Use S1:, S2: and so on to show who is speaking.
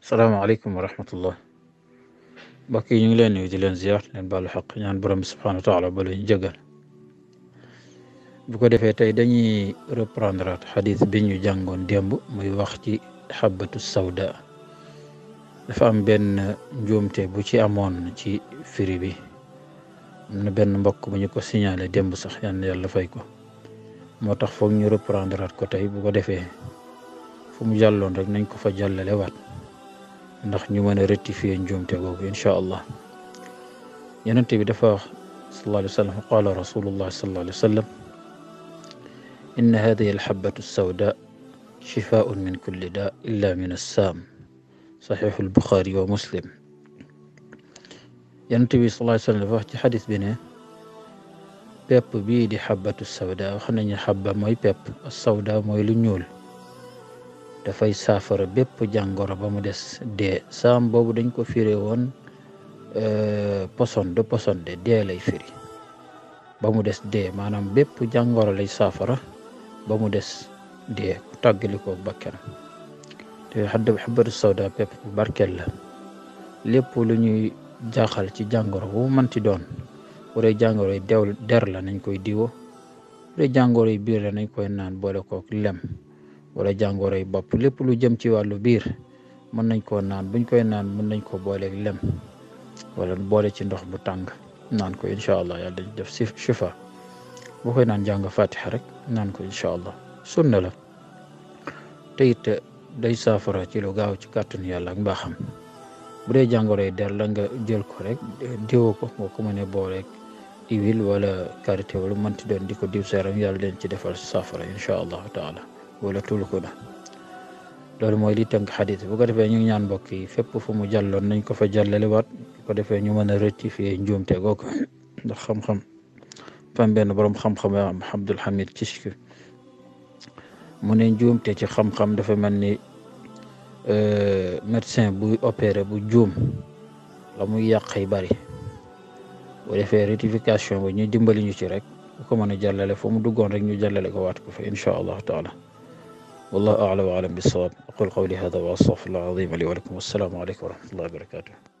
S1: salaamaaleykum wa rahmatullah mbokk yi ñu ngi leen nuyu di leen ziar leen baalu xaq ñaan borom bi subhanahu wa taala ba leen jëgal bu ko defee tey dañuy reprendre at xadis bi ñu jàngoon démb muy wax ci xabatu sawda dafa am benn njuumte bu ci amoon ci firi bi am na benn mbokk bu ñu ko signalé démb sax yal na yàlla fay ko moo tax foog ñu reprendre at ko tey bu ko defee fu mu jàlloon rek nañ ko fa jàllale waat ndax ñu mën a rectifier njuumte googu incha allah yonent bi dafa wax sallallahu alayhi wa sallam qaala rasulullah sallallahu alayhi wa sallam inna hadihi alhabatu alsawda shifaun min kulli da illa min assaam saxiixu albuxaari wa muslim yonent bi sallallahu alayhi wa sallam dafa wax ci xadis bi ne pepp bii di xabatu sawda wax nañu xabba mooy pepp sawda mooy lu ñuul dafay saafara bépp jàngoro ba mu des dee saam boobu dañ ko firé woon euh, poson de poson de dee lay firi ba mu des de maanaam bépp jàngoro lay saafara ba mu des dee ku tàggalikoo bakkan te xadd xabatu bu barkeel la lépp lu ñuy jaaxal ci jàngoro bu mënti doon bu dee jàngoro yi dew der la nañ koy diwo bu dee yi biir la nañ koy naan boole kook lem wala jàngoro yu bopp lépp lu jëm ci wàllu biir mën nañ koo naan buñ koy naan mën nañ koo booleeg lem wala boole ci ndox bu tàng naan ko incha allah yàlla dañ def shifa boo koy naan jàng fatiha rek naan ko incha allah sunna la te it day saafara ci lu gaaw ci kàttanu yàlla ak mbaaxam bu dee jàngoro yi der la nga jël ko rek diwoo ko nga ko mënee booleeg iwil wala karité wala mënti doon di ko diw seeram yàlla leen ci defal saafara incha allahu taala wala tulkuna loolu mooy li tënk xadit bu ko defee ñu ngi ñaan mbokk yi fépp fu mu jàlloon nañ ko fa jàllale waat ko defee ñu mën a rectifier njuumte googu ndax xam-xam fam benn borom xam-xam am Abdul Hamid Cishki mu ne njuumte ci xam-xam dafa mel ni euh, médecin buy opéré bu juum la muy yàq yi bari bu defee rectification bi ñu dimbali ñu ci rek bu ko mën a jàllale fu duggoon rek ñu jàllale ko waat ko fa incha allahu taala والله أعلى وأعلم بالصواب أقول قولي هذا وأستغفر الله العظيم لي ولكم والسلام عليكم ورحمة الله وبركاته